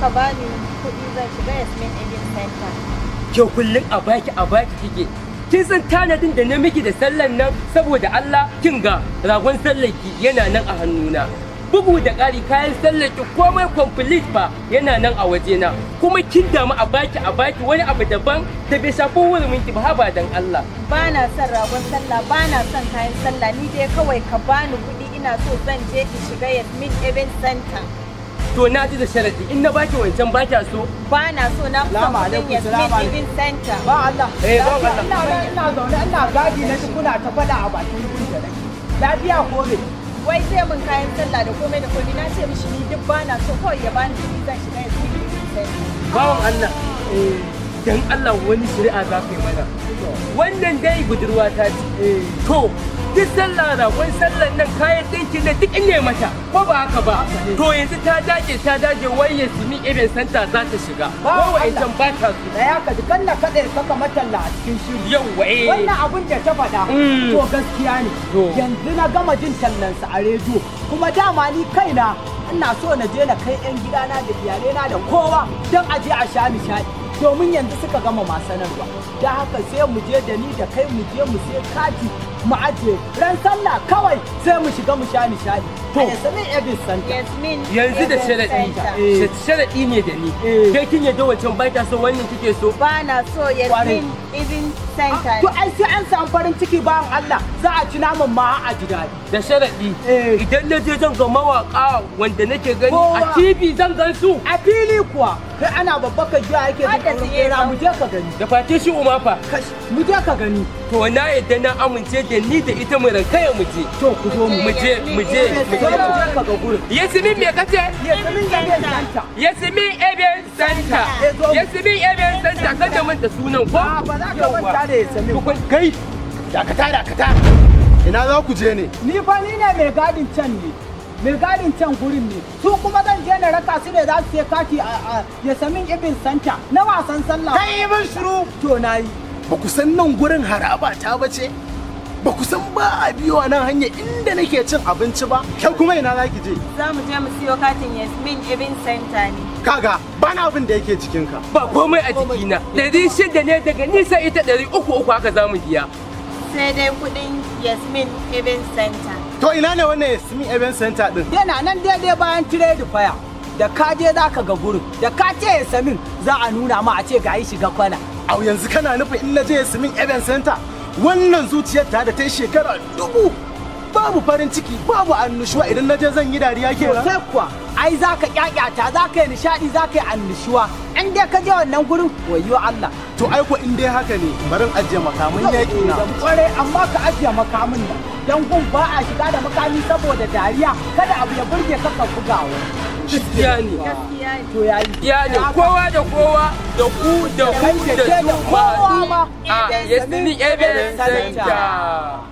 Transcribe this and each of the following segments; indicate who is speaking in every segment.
Speaker 1: ka bani kuɗi zan shiga Yasmin Idin Center.
Speaker 2: ke kullum a baki a baki kike. Kin san tanadin da na miki da sallan nan saboda Allah kin ga ragon sallar ki yana nan a hannuna. Bugu da ƙari kayan sallar ki komai complete ba yana nan a wajena. Kuma kin damu a baki a baki wani abu daban da bai shafi wurin ki ba haba dan Allah.
Speaker 1: Ba na son ragon sallah ba na son kayan sallah ni dai kawai ka bani kuɗi ina so zan je in shiga Yasmin Event Center.
Speaker 2: to na ji da sharadi in na baki wancan baki so ba na so na ba ne ya smith
Speaker 1: center ba Allah eh ba Allah ina ina zaune ina gadi na kuna ta fada a bakin gudun da lafiya ko ne wai sai mun kayan sallah da komai da komai na ce mishi ni duk ba na so kawai ya bani zan shiga ya smith center
Speaker 2: bawan Allah eh dan Allah wani shari'a za ka yi mana wannan dai budurwa ta ce eh, to duk sallah ragon sallar nan kayan ɗinki na duk inda mata ko ba haka ba to yanzu ta dage ta dage wai ya irin santa za ta shiga ko wa'ancan ba ta
Speaker 1: su da ya ka dukan na kaɗai saka matalla a cikin shiru yawwa eh wannan abun da ta faɗa mm. to gaskiya ne yanzu na gama jin tallan sa a rediyo kuma dama ni kaina ina so na je na kai 'yan gidana da iyalena da kowa don aje a sha nishaɗi domin yanzu suka gama masanarwa da haka sai mu je da ni da kai mu je mu sai kati mu ajiye ran sallah kawai sai mu shiga mu sha nishadi to yasmin ebis santa yanzu da sharaɗi
Speaker 2: eh. sharaɗi ne da ni eh. kai kin yadda wancan baita so wannan kike so ba
Speaker 1: na so yasmin even center ah, to ai sai an samu farin ciki bayan Allah za a ci naman ma a ji daɗi.
Speaker 2: Da sharaɗi eh. idan na je zan ga mawaƙa wanda nake gani a
Speaker 1: TV zan gan su. A fili kuwa kai ana babba ka jiya yake da tsira mu je ka gani.
Speaker 2: Da fate shi uma fa. Mu je ka gani. To na yadda na amince da ni da ita mu ya mu je. To ku zo mu je mu je mu je ka ga gurin. Yasmin me kace? Yasmin Eben Santa. Yasmin Eben Santa. Eh, Yasmin Eben Santa kada mun da sunan ko. Ah, ba za ka manta da Yasmin. Kai dakata dakata ina za ku je ne
Speaker 1: ni fa ni ne mai gadin can ne mai gadin can gurin ne su kuma zan je na raka su ne za su je kati a yasamin ibin santa na wasan sallah kai ibin shiru to nayi ba ku san nan gurin haraba ta ce, ba ku san ba a biyo a nan hanya inda nake cin abinci ba kyau kuma ina za ki je za mu je mu siyo katin yasmin ibin santa ne
Speaker 2: kaga ba na abin da yake jikinka. ba komai a jikina Dari shida ne daga nisa ita ɗari uku uku haka za mu biya
Speaker 1: sai dai kudin yasmin event center to ina ne wannan yasmin event center din yana nan daidai bayan trade fire da ka je za ka ga gurin da ka ce yasmin za a nuna ma a ce ga yi shiga kwana A yanzu kana nufin in na je yasmin event center wannan zuciyar ta da ta yi shekara dubu babu farin ciki babu annushuwa idan na je zan yi dariya ke sai kuwa ai za ka kyakyata za ka yi nishadi za ka yi annushuwa in dai ka je wannan gurin wayo Allah
Speaker 3: to ai ko in dai haka ne barin ajiye makamin yaƙi na
Speaker 1: kware amma ka ajiye makamin nan dan gun ba a shiga da makami saboda dariya kada abu ya burge ka ka bugawa gaskiya ne gaskiya ne kowa da kowa
Speaker 2: da ku da ku da su ma a yasini ebe center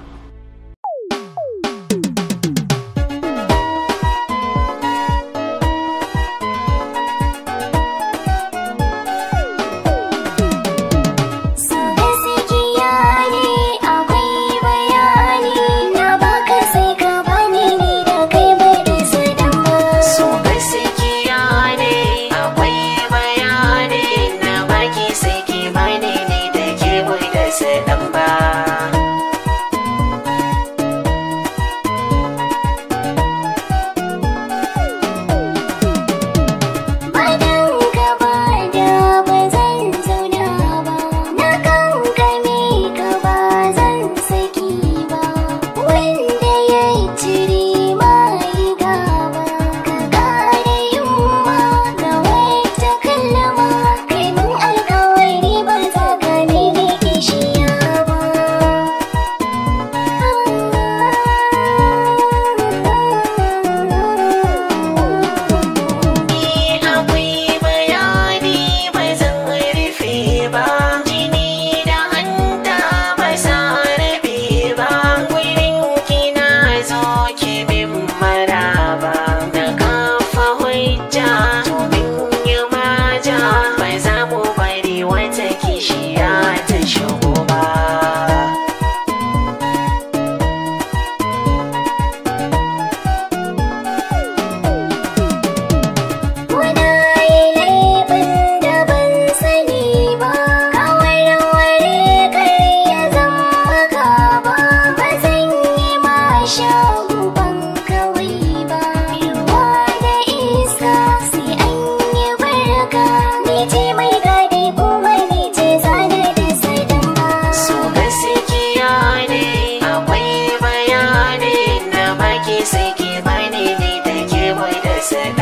Speaker 4: say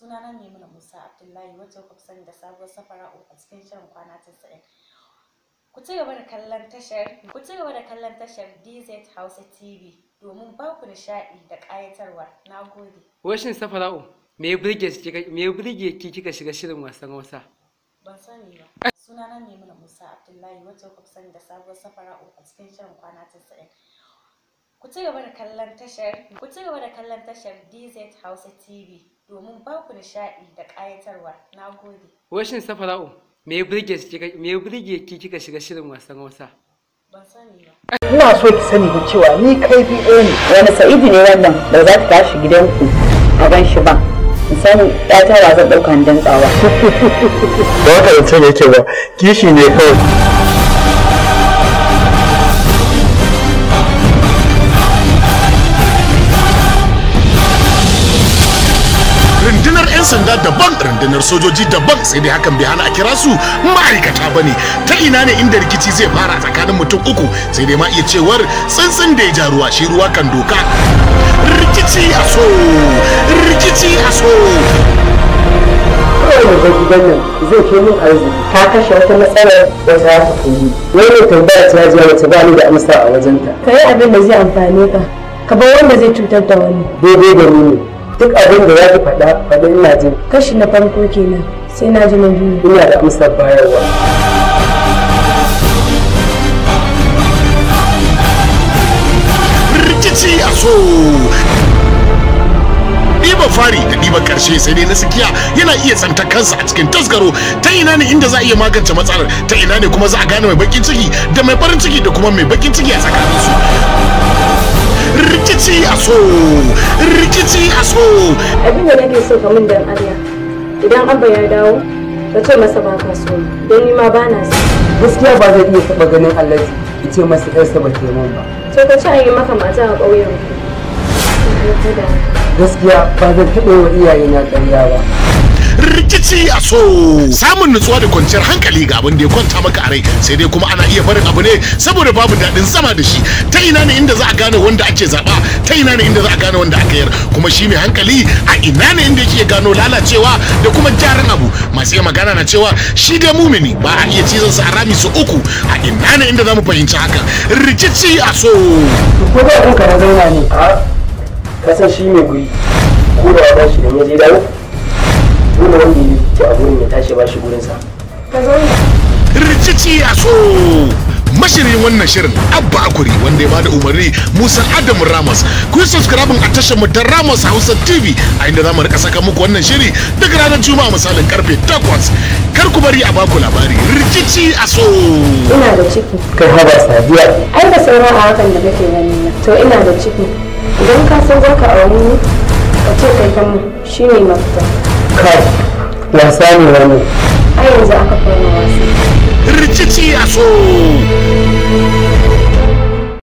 Speaker 4: sunana mana musa
Speaker 1: abdullahi wata kuka sani da sabuwar safara a cikin shirin kwana 90 ku ci gaba da kallon tashar ku ci gaba da kallon tashar dz hausa tv domin ba ku nishaɗi da ƙayatarwa na gode
Speaker 2: washin safara'u me ya burge ki kika shiga shirin wasan hausa
Speaker 1: ban sani ba sunana mana musa abdullahi wata kuka sani da sabuwar safara'u a cikin shirin kwana 90 ku ci gaba da kallon tashar ku ci gaba da kallon tashar dz hausa tv domin ba ku nishaɗi da ƙayatarwa.
Speaker 2: Na gode. Washin Safara'u, me birge burge ki kika shiga shirin wasan wasa?
Speaker 1: Ina so ki sani da cewa ni kai ɗaya ne. Wani sa'idi ne wannan da za ki tashi ku a ban shi ba. Misali, ya ta wa zan
Speaker 2: ɗauka hannun tsawa. Ba ka da ne ke ba, kishi ne kawai.
Speaker 3: sanda daban rundunar sojoji daban sai dai hakan bai hana a kira su ma'aikata ba ne ta ina ne inda rikici zai fara tsakanin mutum uku sai dai ma iya cewar tsantsin da ya ja ruwa shi ruwa kan doka rikici a so rikici a so kowane zai nan zai ke min arziki ta kashe wata matsalar wata ya tafi
Speaker 2: yi wani tambaya ta jiya wata ba ni da amsa a wajenta ka yi abin da zai amfane ka ka bar wanda zai cutar da wani daidai da ni ne duk abin da ya fi faɗa faɗa ina jin kashi na farko kenan sai na ji na biyu ina da amsar bayarwa
Speaker 3: rikici a so ɗiba fari da ɗiba karshe sai dai na sikiya yana iya tsanta kansa a cikin tasgaro ta ina ne inda za a iya magance matsalar ta ina ne kuma za a gane mai bakin ciki da mai farin ciki da kuma mai bakin ciki a tsakaninsu rikici a so rikici a so
Speaker 1: abin da nake so ka min dan Allah
Speaker 2: idan abba ya dawo ka ce masa ba ka so don ni ma ba na so gaskiya ba zai iya taba ganin Allah ki ce masa ɗan sa ba ke mun ba
Speaker 4: to ka ce an yi maka mata a ƙauyen
Speaker 3: gaskiya ba zan
Speaker 2: taɓa yi wa iyayena ƙarya ba
Speaker 3: Rikici a so samun nutsuwa da kwanciyar hankali ga abin da ya kwanta maka a rai sai dai kuma ana iya barin abu ne saboda babu daɗin zama da shi ta ina ne inda za a gane wanda ake zaɓa ta ina ne inda za a gane wanda aka yar kuma shi mai hankali a ina ne inda yake gano lalacewa da kuma jarin abu masu iya magana na cewa shi dai mumini ba a iya cizon sa a rami su uku a ina ne inda za mu fahimci haka rikici a so. Ko da ɗinka na zauna ne? A ƙasar shi ne guri. Ko da ba shi da ya zai dawo? dole wanda ya ce a gurin ya tashi ba shi gurinsa ka rikici ya so mashirin wannan shirin abba akuri wanda ya bada umarni musa adam ramos ku subscribe a tashar mu ta ramos hausa tv a inda zamu rika saka muku wannan shiri duk ranar juma'a misalin karfe 8 kar ku bari a baku labari rikici a so ina da ciki kai haba sadiya ai da sauran a hakan da kake gani to ina da ciki idan ka san zaka aure ni ka ce kai kan shine mafita
Speaker 2: kai wasa ne wani
Speaker 3: a yanzu aka fara wasa rikici ya so